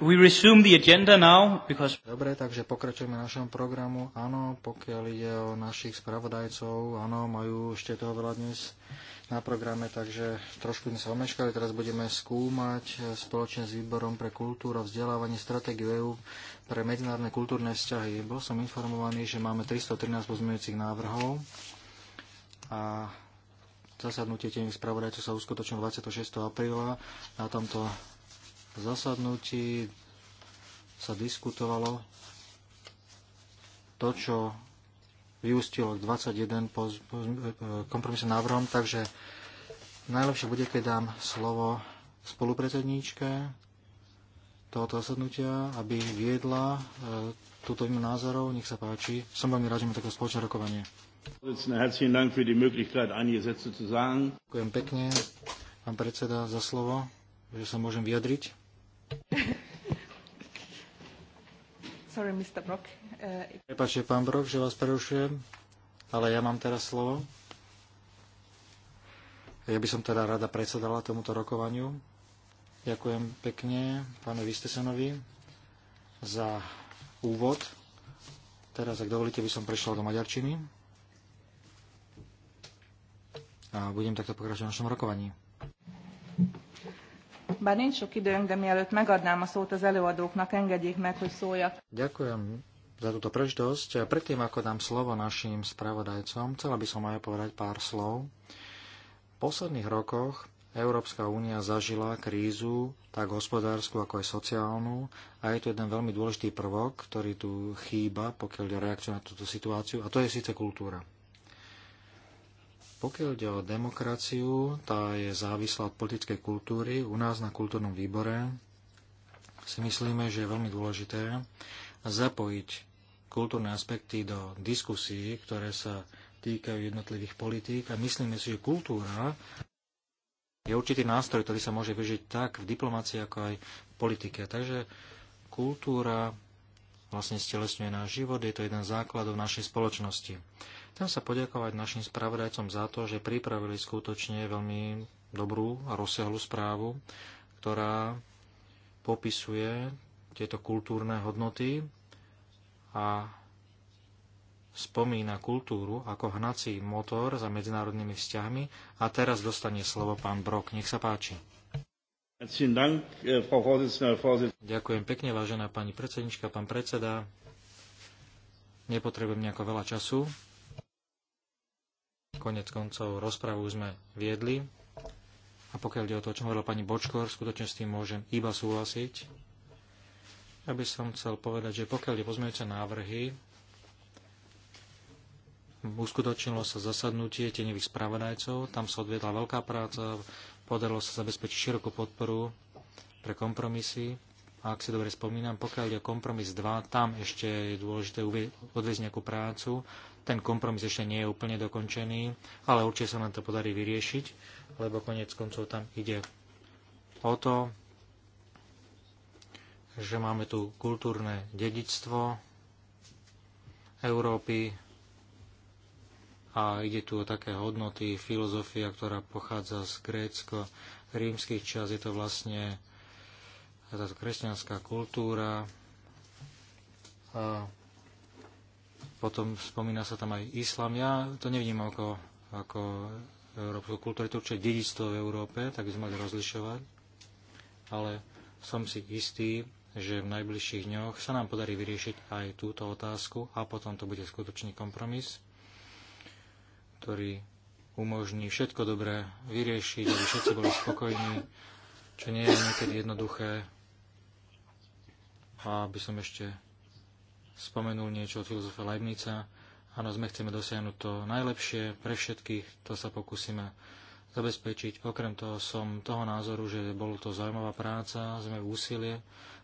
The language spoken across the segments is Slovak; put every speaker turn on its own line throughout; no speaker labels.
We resume the agenda now, because... Dobre, takže pokračujeme našom programu. Áno, pokiaľ ide o našich spravodajcov, áno, majú ešte toho veľa dnes na programe, takže trošku sme sa omeškali. Teraz budeme skúmať eh, spoločne s výborom pre kultúru a vzdelávanie stratégiu EU pre medzinárodné kultúrne vzťahy. Bol som informovaný, že máme 313 pozmeňujúcich návrhov a zasadnutie tých spravodajcov sa uskutočnilo 26. apríla. Na tomto zasadnutí sa diskutovalo to, čo vyústilo 21 kompromisným návrhom, takže najlepšie bude, keď dám slovo spolupredsedníčke tohoto zasadnutia, aby viedla e, túto výmenu názorov. Nech sa páči. Som veľmi rád, že máme také spoločné rokovanie. Ďakujem pekne, pán predseda, za slovo, že sa môžem vyjadriť.
Sorry, Mr. Brock. Uh...
Prepačte, pán Brock, že vás prerušujem, ale ja mám teraz slovo. Ja by som teda rada predsedala tomuto rokovaniu. Ďakujem pekne pánu Vistesenovi za úvod. Teraz, ak dovolíte, by som prešiel do maďarčiny. A budem takto pokračovať v našom rokovaní.
Bár nincs sok időnk, de mielőtt megadnám a szót az előadóknak, engedjék meg, hogy szóljak.
Ďakujem za túto prežitosť. Predtým, ako dám slovo našim spravodajcom, chcela by som aj povedať pár slov. V posledných rokoch Európska únia zažila krízu, tak hospodárskú, ako aj sociálnu, a je tu jeden veľmi dôležitý prvok, ktorý tu chýba, pokiaľ je reakciu na túto situáciu, a to je síce kultúra. Pokiaľ ide o demokraciu, tá je závislá od politickej kultúry. U nás na kultúrnom výbore si myslíme, že je veľmi dôležité zapojiť kultúrne aspekty do diskusí, ktoré sa týkajú jednotlivých politík a myslíme si, že kultúra je určitý nástroj, ktorý sa môže vyžiť tak v diplomácii, ako aj v politike. Takže kultúra vlastne stelesňuje náš život, je to jeden z základov našej spoločnosti. Chcem sa poďakovať našim spravodajcom za to, že pripravili skutočne veľmi dobrú a rozsiahlu správu, ktorá popisuje tieto kultúrne hodnoty a spomína kultúru ako hnací motor za medzinárodnými vzťahmi a teraz dostane slovo pán Brok. Nech sa páči.
Äh,
Ďakujem pekne, vážená pani predsednička, pán predseda. Nepotrebujem nejako veľa času. Konec koncov rozpravu sme viedli. A pokiaľ ide o to, čo hovorila pani Bočkor, skutočne s tým môžem iba súhlasiť. Ja by som chcel povedať, že pokiaľ je pozmeňujúce návrhy, uskutočnilo sa zasadnutie tenivých spravodajcov, tam sa odviedla veľká práca, podarilo sa zabezpečiť širokú podporu pre kompromisy. A ak si dobre spomínam, pokiaľ je kompromis 2, tam ešte je dôležité odviezť nejakú prácu ten kompromis ešte nie je úplne dokončený, ale určite sa nám to podarí vyriešiť, lebo konec koncov tam ide o to, že máme tu kultúrne dedičstvo Európy a ide tu o také hodnoty, filozofia, ktorá pochádza z grécko rímskych čas. Je to vlastne táto kresťanská kultúra a potom spomína sa tam aj islám. Ja to nevnímam ako, ako európsku kultúru. Je to určite dedičstvo v Európe, tak by sme mali rozlišovať. Ale som si istý, že v najbližších dňoch sa nám podarí vyriešiť aj túto otázku a potom to bude skutočný kompromis, ktorý umožní všetko dobré vyriešiť, aby všetci boli spokojní, čo nie je niekedy jednoduché. A aby som ešte spomenul niečo od filozofa Leibnica. Áno, sme chceme dosiahnuť to najlepšie pre všetkých, to sa pokúsime zabezpečiť. Okrem toho som toho názoru, že bolo to zaujímavá práca, sme v úsilie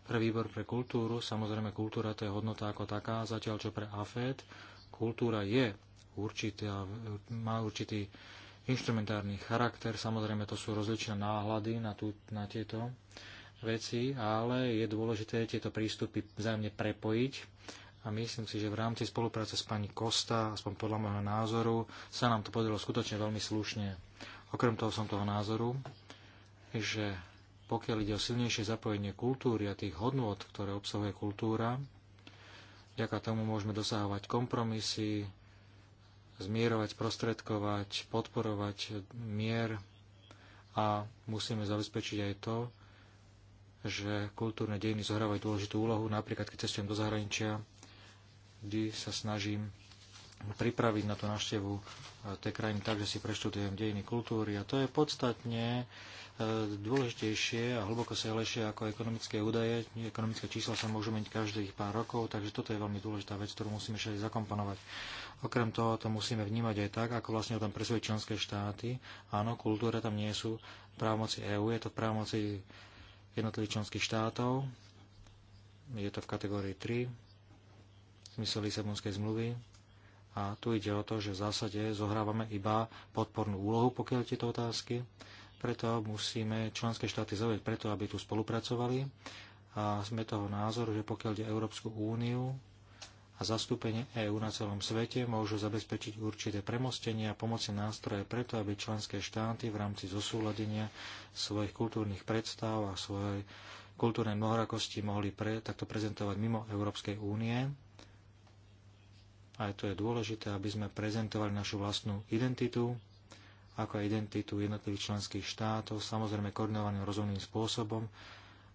pre výbor pre kultúru. Samozrejme, kultúra to je hodnota ako taká, zatiaľ čo pre AFED. Kultúra je určitá, má určitý instrumentárny charakter. Samozrejme, to sú rozličné náhľady na, tú, na tieto veci, ale je dôležité tieto prístupy vzájomne prepojiť a myslím si, že v rámci spolupráce s pani Kosta, aspoň podľa môjho názoru, sa nám to podarilo skutočne veľmi slušne. Okrem toho som toho názoru, že pokiaľ ide o silnejšie zapojenie kultúry a tých hodnôt, ktoré obsahuje kultúra, vďaka tomu môžeme dosahovať kompromisy, zmierovať, prostredkovať, podporovať mier a musíme zabezpečiť aj to, že kultúrne dejiny zohrávajú dôležitú úlohu, napríklad keď cestujem do zahraničia, vždy sa snažím pripraviť na tú návštevu eh, tej krajiny tak, že si preštudujem dejiny kultúry. A to je podstatne eh, dôležitejšie a hlboko siahlejšie ako ekonomické údaje. Ekonomické čísla sa môžu meniť každých pár rokov, takže toto je veľmi dôležitá vec, ktorú musíme všade zakomponovať. Okrem toho to musíme vnímať aj tak, ako vlastne o tom presvedčí členské štáty. Áno, kultúra tam nie sú právomoci EÚ, je to v právomoci jednotlivých členských štátov. Je to v kategórii 3 zmysle Lisabonskej zmluvy. A tu ide o to, že v zásade zohrávame iba podpornú úlohu, pokiaľ tieto otázky. Preto musíme členské štáty zaujať preto, aby tu spolupracovali. A sme toho názoru, že pokiaľ ide Európsku úniu a zastúpenie EÚ na celom svete, môžu zabezpečiť určité premostenie a pomoci nástroje preto, aby členské štáty v rámci zosúladenia svojich kultúrnych predstav a svojej kultúrnej mnohorakosti mohli pre, takto prezentovať mimo Európskej únie aj to je dôležité, aby sme prezentovali našu vlastnú identitu, ako aj identitu jednotlivých členských štátov, samozrejme koordinovaným rozumným spôsobom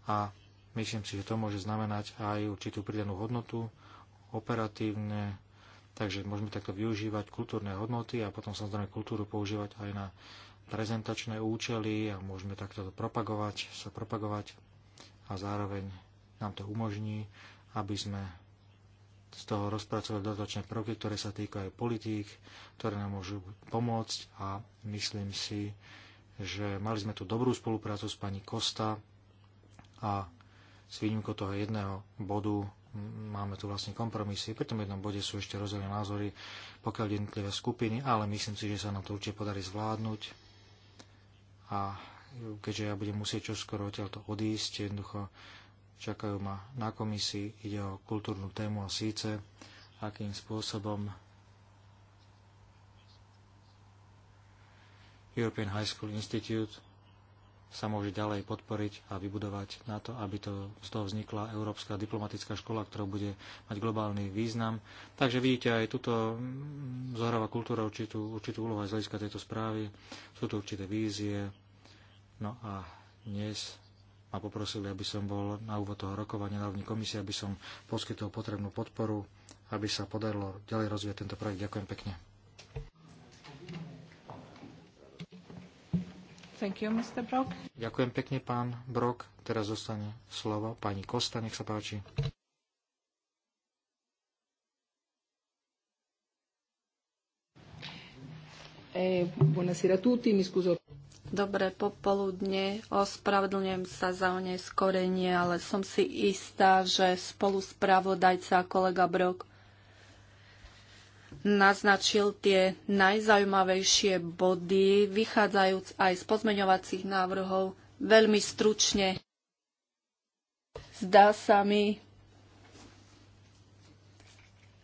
a myslím si, že to môže znamenať aj určitú pridanú hodnotu, operatívne, takže môžeme takto využívať kultúrne hodnoty a potom samozrejme kultúru používať aj na prezentačné účely a môžeme takto propagovať, sa propagovať a zároveň nám to umožní, aby sme z toho rozpracovať dodatočné prvky, ktoré sa týkajú politík, ktoré nám môžu pomôcť a myslím si, že mali sme tu dobrú spoluprácu s pani Kosta a s výnimkou toho jedného bodu máme tu vlastne kompromisy. Pri tom jednom bode sú ešte rozdielne názory, pokiaľ jednotlivé skupiny, ale myslím si, že sa nám to určite podarí zvládnuť. A keďže ja budem musieť čoskoro odtiaľto odísť, jednoducho čakajú ma na komisii. Ide o kultúrnu tému a síce, akým spôsobom European High School Institute sa môže ďalej podporiť a vybudovať na to, aby to, z toho vznikla Európska diplomatická škola, ktorá bude mať globálny význam. Takže vidíte, aj túto mm, zohráva kultúra určitú, určitú úlohu aj z hľadiska tejto správy. Sú tu určité vízie. No a dnes ma poprosili, aby som bol na úvod toho rokovania na úrovni komisie, aby som poskytol potrebnú podporu, aby sa podarilo ďalej rozvíjať tento projekt. Ďakujem pekne.
Thank you, Mr. Brock.
Ďakujem pekne, pán Brok. Teraz zostane slovo pani Kosta, nech sa páči.
Eh, buonasera a tutti, mi scuso. Dobré popoludne, ospravedlňujem sa za oneskorenie, ale som si istá, že spolu spravodajca kolega Brok naznačil tie najzaujímavejšie body, vychádzajúc aj z pozmeňovacích návrhov veľmi stručne. Zdá sa mi,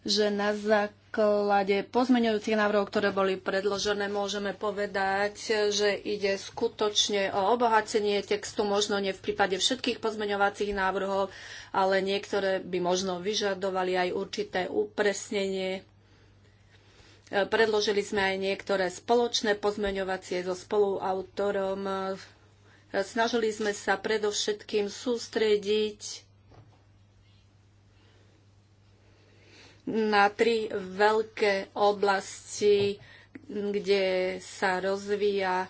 že na základ základe pozmeňujúcich návrhov, ktoré boli predložené, môžeme povedať, že ide skutočne o obohacenie textu, možno nie v prípade všetkých pozmeňovacích návrhov, ale niektoré by možno vyžadovali aj určité upresnenie. Predložili sme aj niektoré spoločné pozmeňovacie so spoluautorom. Snažili sme sa predovšetkým sústrediť na tri veľké oblasti, kde sa rozvíja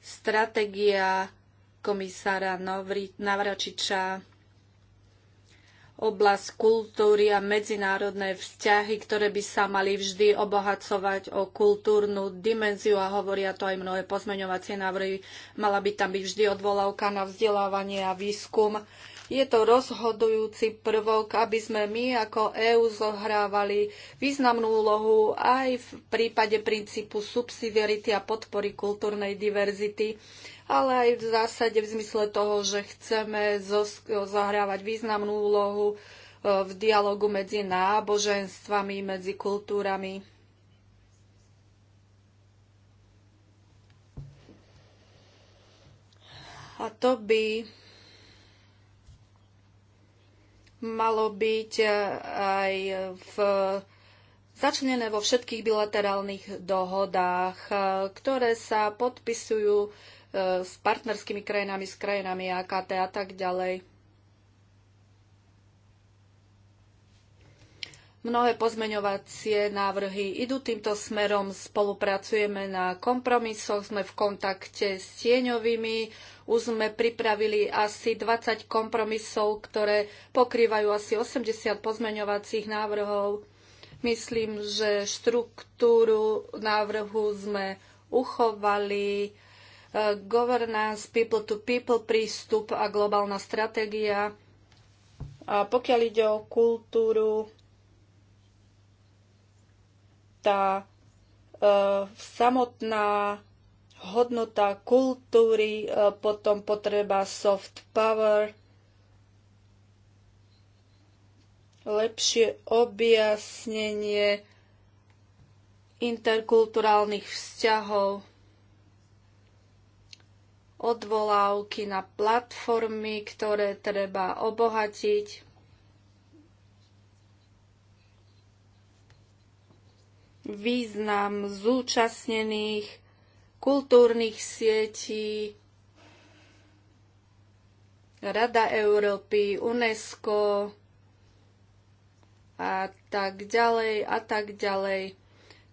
stratégia komisára Navračiča, oblasť kultúry a medzinárodné vzťahy, ktoré by sa mali vždy obohacovať o kultúrnu dimenziu a hovoria to aj mnohé pozmeňovacie návrhy. Mala by tam byť vždy odvolávka na vzdelávanie a výskum je to rozhodujúci prvok, aby sme my ako EÚ zohrávali významnú úlohu aj v prípade princípu subsidiarity a podpory kultúrnej diverzity, ale aj v zásade v zmysle toho, že chceme zohrávať významnú úlohu e, v dialogu medzi náboženstvami, medzi kultúrami. A to by malo byť eh, aj v, začnené vo všetkých bilaterálnych dohodách, eh, ktoré sa podpisujú eh, s partnerskými krajinami, s krajinami AKT a tak ďalej. Mnohé pozmeňovacie návrhy idú týmto smerom, spolupracujeme na kompromisoch, sme v kontakte s tieňovými, už sme pripravili asi 20 kompromisov, ktoré pokrývajú asi 80 pozmeňovacích návrhov. Myslím, že štruktúru návrhu sme uchovali, e, governance, people-to-people prístup a globálna stratégia. A pokiaľ ide o kultúru, tá e, samotná hodnota kultúry, e, potom potreba soft power, lepšie objasnenie interkulturálnych vzťahov, odvolávky na platformy, ktoré treba obohatiť význam zúčastnených kultúrnych sietí, Rada Európy, UNESCO a tak ďalej a tak ďalej,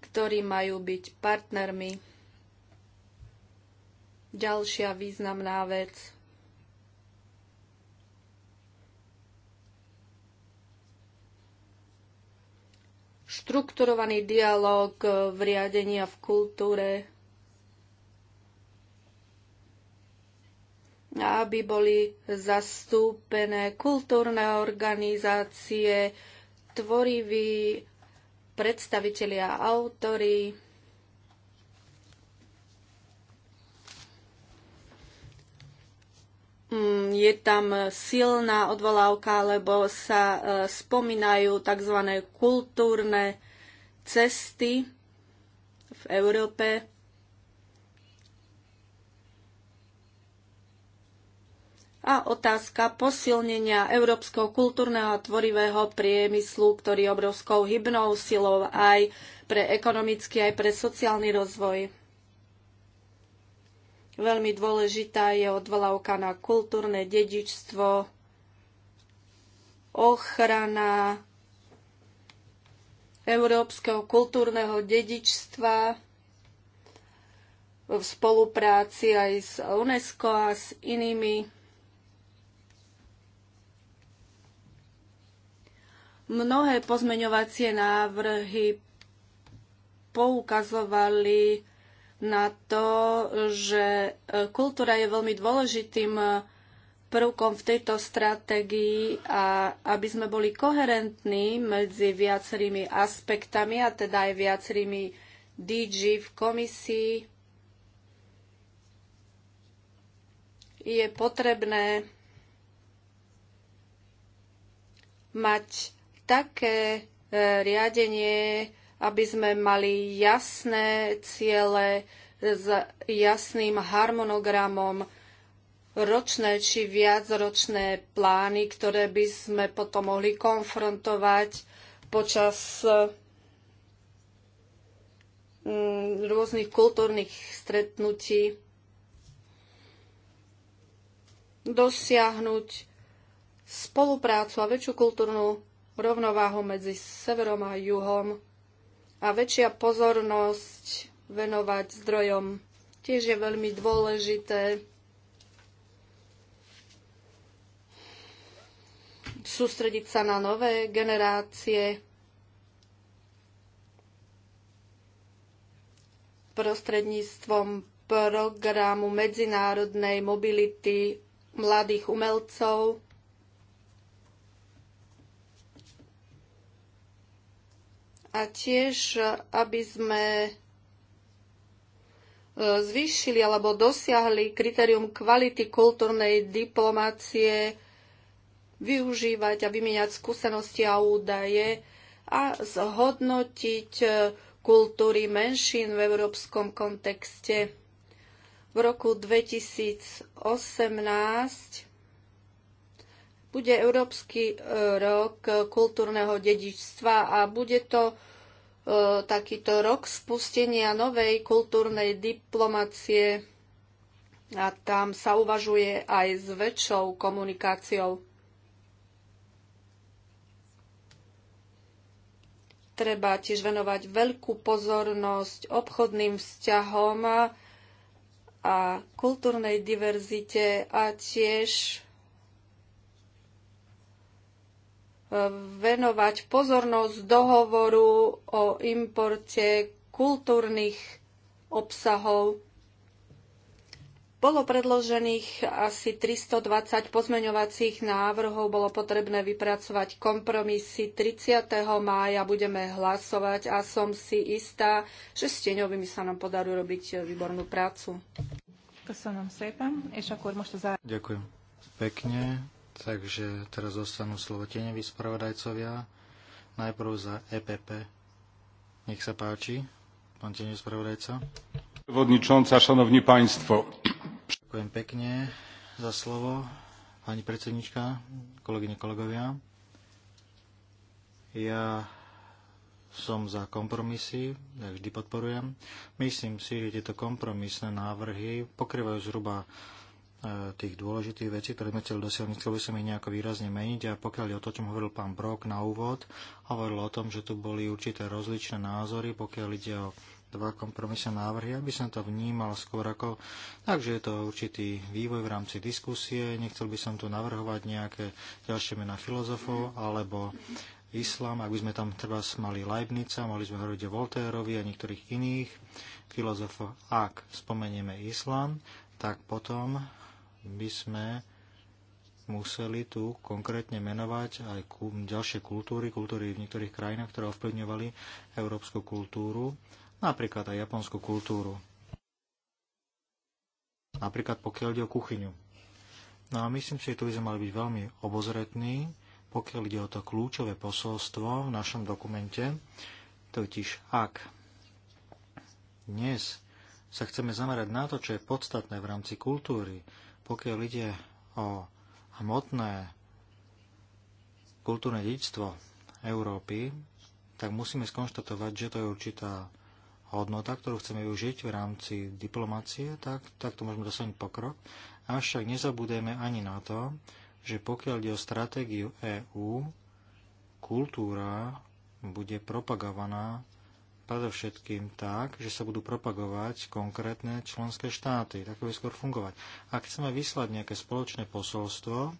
ktorí majú byť partnermi. Ďalšia významná vec – štrukturovaný dialog e, v riadení a v kultúre, aby boli zastúpené kultúrne organizácie, tvoriví predstavitelia, a autory, Mm, je tam silná odvolávka, lebo sa e, spomínajú tzv. kultúrne cesty v Európe. A otázka posilnenia európskeho kultúrneho a tvorivého priemyslu, ktorý je obrovskou hybnou silou aj pre ekonomický, aj pre sociálny rozvoj. Veľmi dôležitá je odvolávka na kultúrne dedičstvo, ochrana európskeho kultúrneho dedičstva v spolupráci aj s UNESCO a s inými mnohé pozmeňovacie návrhy poukazovali na to, že e, kultúra je veľmi dôležitým e, prvkom v tejto stratégii a aby sme boli koherentní medzi viacerými aspektami a teda aj viacerými DG v komisii, je potrebné mať také e, riadenie, aby sme mali jasné ciele s jasným harmonogramom, ročné či viacročné plány, ktoré by sme potom mohli konfrontovať počas mm, rôznych kultúrnych stretnutí dosiahnuť spoluprácu a väčšiu kultúrnu rovnováhu medzi severom a juhom a väčšia pozornosť venovať zdrojom. Tiež je veľmi dôležité sústrediť sa na nové generácie prostredníctvom programu medzinárodnej mobility mladých umelcov a tiež, aby sme e, zvýšili alebo dosiahli kritérium kvality kultúrnej diplomácie, využívať a vymieňať skúsenosti a údaje a zhodnotiť e, kultúry menšín v európskom kontexte. V roku 2018 bude Európsky e, rok kultúrneho dedičstva a bude to e, takýto rok spustenia novej kultúrnej diplomácie a tam sa uvažuje aj s väčšou komunikáciou. Treba tiež venovať veľkú pozornosť obchodným vzťahom a kultúrnej diverzite a tiež venovať pozornosť dohovoru o importe kultúrnych obsahov. Bolo predložených asi 320 pozmeňovacích návrhov, bolo potrebné vypracovať kompromisy. 30. mája budeme hlasovať a som si istá, že s tieňovými sa nám podarú robiť výbornú prácu.
Ďakujem pekne. Takže teraz dostanú slovo tieňoví spravodajcovia. Najprv za EPP. Nech sa páči, pán tieňový spravodajca. Przewodnicząca, šanovní
państwo.
Ďakujem pekne za slovo, pani predsednička, kolegyne, kolegovia. Ja som za kompromisy, ja vždy podporujem. Myslím si, že tieto kompromisné návrhy pokrývajú zhruba E, tých dôležitých vecí, ktoré sme chceli dosiahnuť, chceli by som ich nejako výrazne meniť. A pokiaľ je o to, čom hovoril pán Brok na úvod, hovoril o tom, že tu boli určité rozličné názory, pokiaľ ide o dva kompromisné návrhy, aby som to vnímal skôr ako takže je to určitý vývoj v rámci diskusie. Nechcel by som tu navrhovať nejaké ďalšie mená filozofov alebo islám, ak by sme tam treba mali Leibnica, mohli sme hovoriť o Voltérovi a niektorých iných filozofov. Ak spomenieme islám, tak potom by sme museli tu konkrétne menovať aj ďalšie kultúry, kultúry v niektorých krajinách, ktoré ovplyvňovali európsku kultúru, napríklad aj japonskú kultúru. Napríklad pokiaľ ide o kuchyňu. No a myslím si, že tu by sme mali byť veľmi obozretní, pokiaľ ide o to kľúčové posolstvo v našom dokumente, totiž ak dnes sa chceme zamerať na to, čo je podstatné v rámci kultúry, pokiaľ ide o hmotné kultúrne dedictvo Európy, tak musíme skonštatovať, že to je určitá hodnota, ktorú chceme využiť v rámci diplomácie, tak, tak to môžeme dosiahnuť pokrok. Avšak nezabudeme ani na to, že pokiaľ ide o stratégiu EÚ, kultúra bude propagovaná predovšetkým tak, že sa budú propagovať konkrétne členské štáty. Tak by skôr fungovať. Ak chceme vyslať nejaké spoločné posolstvo,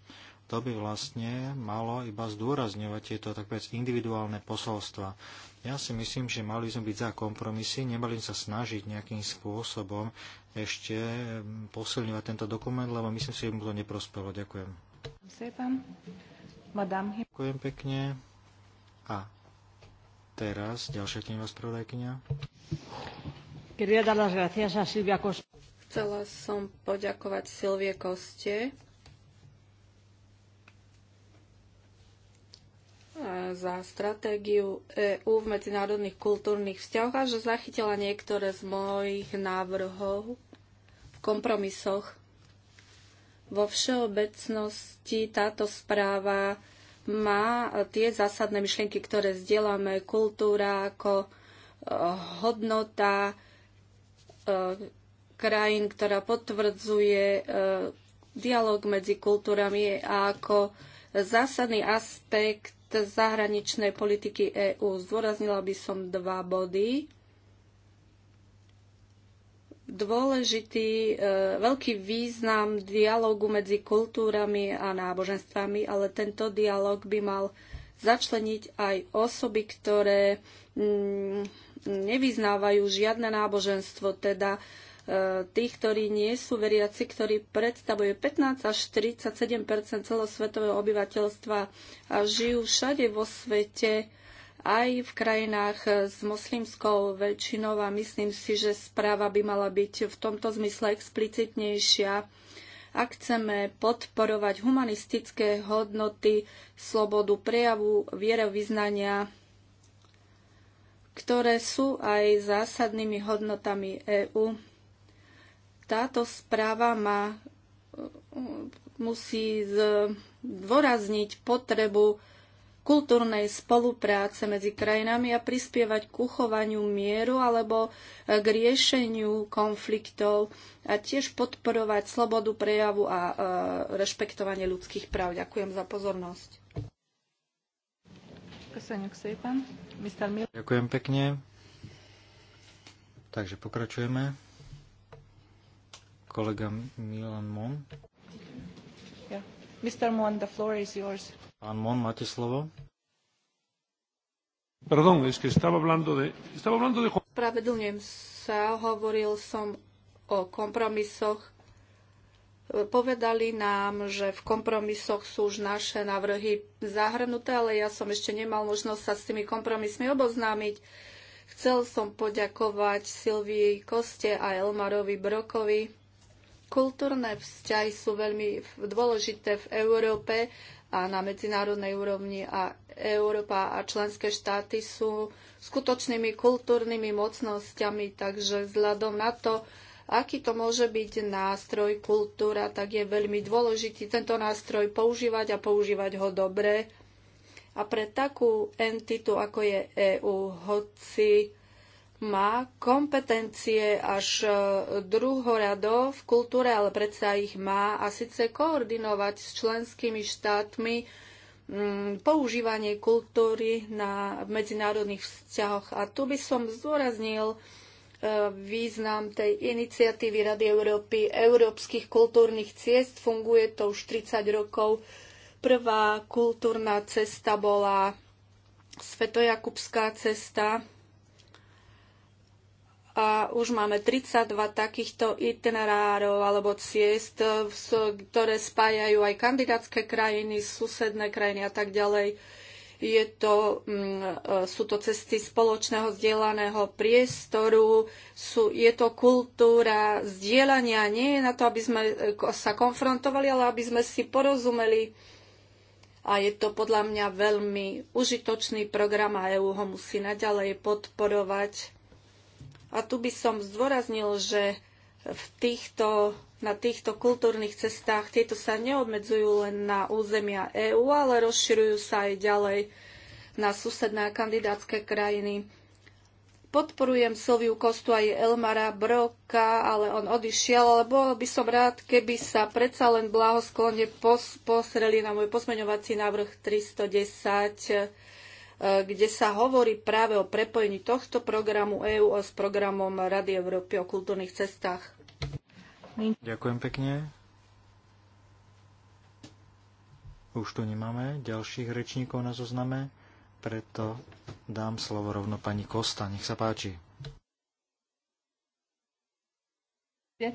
to by vlastne malo iba zdôrazňovať tieto tak povedz, individuálne posolstva. Ja si myslím, že mali sme byť za kompromisy, nemali sa snažiť nejakým spôsobom ešte mm, posilňovať tento dokument, lebo myslím si, že mu to neprospelo. Ďakujem. Ďakujem pekne. A teraz ďalšia spravodajkynia.
Chcela som poďakovať Silvie Koste za stratégiu EU v medzinárodných kultúrnych vzťahoch a že zachytila niektoré z mojich návrhov v kompromisoch. Vo všeobecnosti táto správa má tie zásadné myšlienky, ktoré zdieľame, kultúra ako eh, hodnota eh, krajín, ktorá potvrdzuje eh, dialog medzi kultúrami a ako zásadný aspekt zahraničnej politiky EÚ. Zdôraznila by som dva body dôležitý, e, veľký význam dialogu medzi kultúrami a náboženstvami, ale tento dialog by mal začleniť aj osoby, ktoré mm, nevyznávajú žiadne náboženstvo, teda e, tých, ktorí nie sú veriaci, ktorí predstavuje 15 až 37 celosvetového obyvateľstva a žijú všade vo svete aj v krajinách eh, s moslimskou väčšinou a myslím si, že správa by mala byť v tomto zmysle explicitnejšia. Ak chceme podporovať humanistické hodnoty, slobodu prejavu, vierovýznania, ktoré sú aj zásadnými hodnotami EÚ, táto správa má, eh, musí zdôrazniť potrebu kultúrnej spolupráce medzi krajinami a prispievať k uchovaniu mieru alebo e, k riešeniu konfliktov a tiež podporovať slobodu prejavu a e, rešpektovanie ľudských práv. Ďakujem za pozornosť.
Ďakujem pekne. Takže pokračujeme. Kolega Milan Mon.
Yeah. Mr. Mon, the floor is yours.
Pán Mon, máte slovo. Perdón, es que estaba
hablando de... Estaba hablando de... Pravedlňujem sa, hovoril som o kompromisoch. Povedali nám, že v kompromisoch sú už naše návrhy zahrnuté, ale ja som ešte nemal možnosť sa s tými kompromismi oboznámiť. Chcel som poďakovať Silvii Koste a Elmarovi Brokovi. Kultúrne vzťahy sú veľmi dôležité v Európe a na medzinárodnej úrovni a Európa a členské štáty sú skutočnými kultúrnymi mocnosťami, takže vzhľadom na to, aký to môže byť nástroj kultúra, tak je veľmi dôležitý tento nástroj používať a používať ho dobre. A pre takú entitu, ako je EÚ, hoci má kompetencie až e, druhorado v kultúre, ale predsa ich má a síce koordinovať s členskými štátmi mm, používanie kultúry na medzinárodných vzťahoch. A tu by som zdôraznil e, význam tej iniciatívy Rady Európy európskych kultúrnych ciest. Funguje to už 30 rokov. Prvá kultúrna cesta bola Svetojakubská cesta, a už máme 32 takýchto itinerárov alebo ciest, ktoré spájajú aj kandidátske krajiny, susedné krajiny a tak ďalej. Je to, mm, e, sú to cesty spoločného zdieľaného priestoru, sú, je to kultúra zdieľania. Nie je na to, aby sme e, sa konfrontovali, ale aby sme si porozumeli. A je to podľa mňa veľmi užitočný program a EU ho musí naďalej podporovať a tu by som zdôraznil, že v týchto, na týchto kultúrnych cestách tieto sa neobmedzujú len na územia EÚ, ale rozširujú sa aj ďalej na susedné a kandidátske krajiny. Podporujem Silviu Kostu aj Elmara Broka, ale on odišiel, lebo by som rád, keby sa predsa len blahosklone pos- posreli na môj posmeňovací návrh 310 kde sa hovorí práve o prepojení tohto programu EÚ s programom Rady Európy o kultúrnych cestách.
Ďakujem pekne. Už tu nemáme ďalších rečníkov na zozname, preto dám slovo rovno pani Kosta. Nech sa páči.
Eh,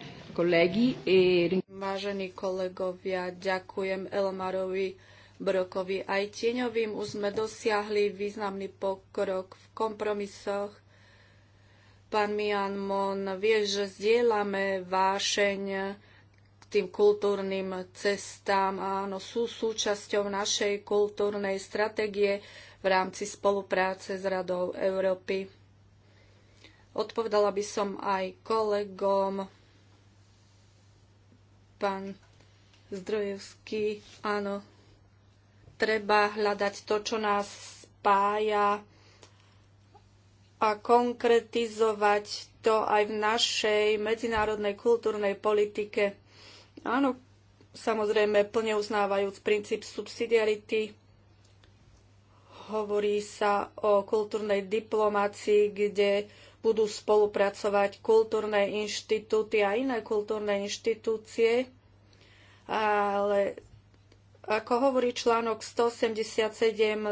Vážení kolegovia, ďakujem Elmarovi Brokovi aj tieňovým. Už sme dosiahli významný pokrok v kompromisoch. Pán Mian Mon vie, že zdieľame vášeň k tým kultúrnym cestám. Áno, sú súčasťou našej kultúrnej stratégie v rámci spolupráce s Radou Európy. Odpovedala by som aj kolegom. Pán Zdrojevský, áno, treba hľadať to, čo nás spája a konkretizovať to aj v našej medzinárodnej kultúrnej politike. Áno, samozrejme plne uznávajúc princíp subsidiarity, hovorí sa o kultúrnej diplomácii, kde budú spolupracovať kultúrne inštitúty a iné kultúrne inštitúcie, ale ako hovorí článok 187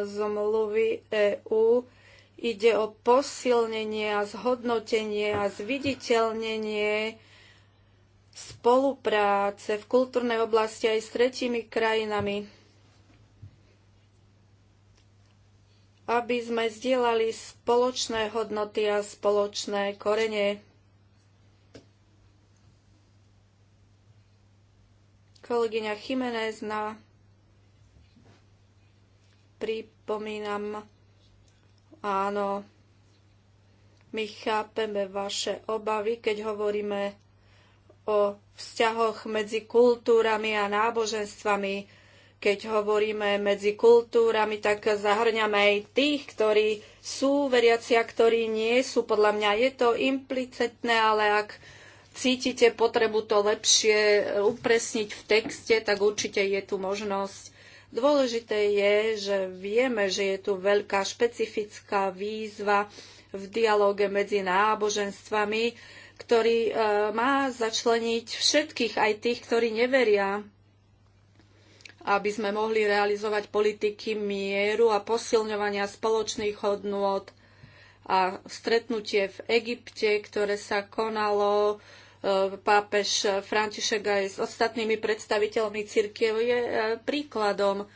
zmluvy EÚ, ide o posilnenie a zhodnotenie a zviditeľnenie spolupráce v kultúrnej oblasti aj s tretími krajinami, aby sme zdieľali spoločné hodnoty a spoločné korene. Kolegyňa Chimenez na pripomínam, áno, my chápeme vaše obavy, keď hovoríme o vzťahoch medzi kultúrami a náboženstvami. Keď hovoríme medzi kultúrami, tak zahrňame aj tých, ktorí sú veriaci a ktorí nie sú. Podľa mňa je to implicitné, ale ak cítite potrebu to lepšie eh, upresniť v texte, tak určite je tu možnosť Dôležité je, že vieme, že je tu veľká špecifická výzva v dialóge medzi náboženstvami, ktorý e, má začleniť všetkých, aj tých, ktorí neveria aby sme mohli realizovať politiky mieru a posilňovania spoločných hodnôt a stretnutie v Egypte, ktoré sa konalo Eh, pápež František aj s ostatnými predstaviteľmi církev je eh, príkladom.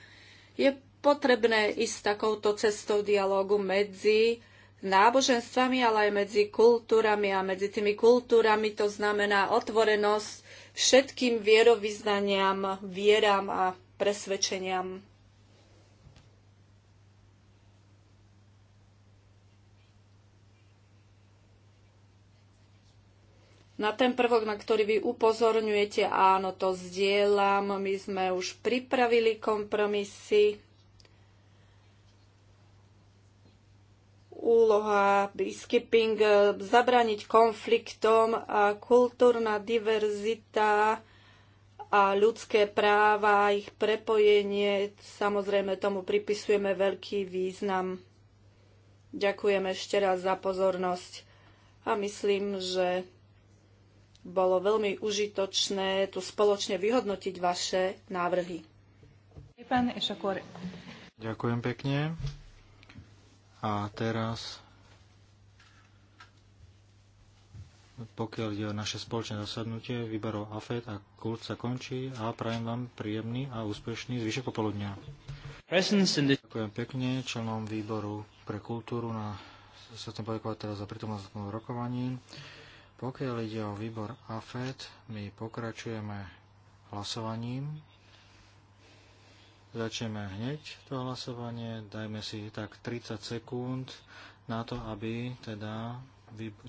Je potrebné ísť takouto cestou dialogu medzi náboženstvami, ale aj medzi kultúrami a medzi tými kultúrami to znamená otvorenosť všetkým vierovýznaniam, vieram a presvedčeniam. na ten prvok, na ktorý vy upozorňujete, áno, to zdieľam, my sme už pripravili kompromisy. Úloha skipping, eh, zabraniť konfliktom a kultúrna diverzita a ľudské práva, ich prepojenie, samozrejme tomu pripisujeme veľký význam. Ďakujem ešte raz za pozornosť a myslím, že bolo veľmi užitočné tu spoločne vyhodnotiť vaše návrhy.
Ďakujem pekne. A teraz, pokiaľ ide o naše spoločné zasadnutie výborov AFED a KULT sa končí a prajem vám príjemný a úspešný zvyšok popoludňa. Ďakujem pekne členom výboru pre kultúru na sa chcem poďakovať teraz za prítomnosť v rokovaní. Pokiaľ ide o výbor AFED, my pokračujeme hlasovaním. Začneme hneď to hlasovanie, dajme si tak 30 sekúnd na to, aby teda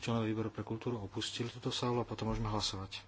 členov výboru pre kultúru opustili túto sálu a potom môžeme hlasovať.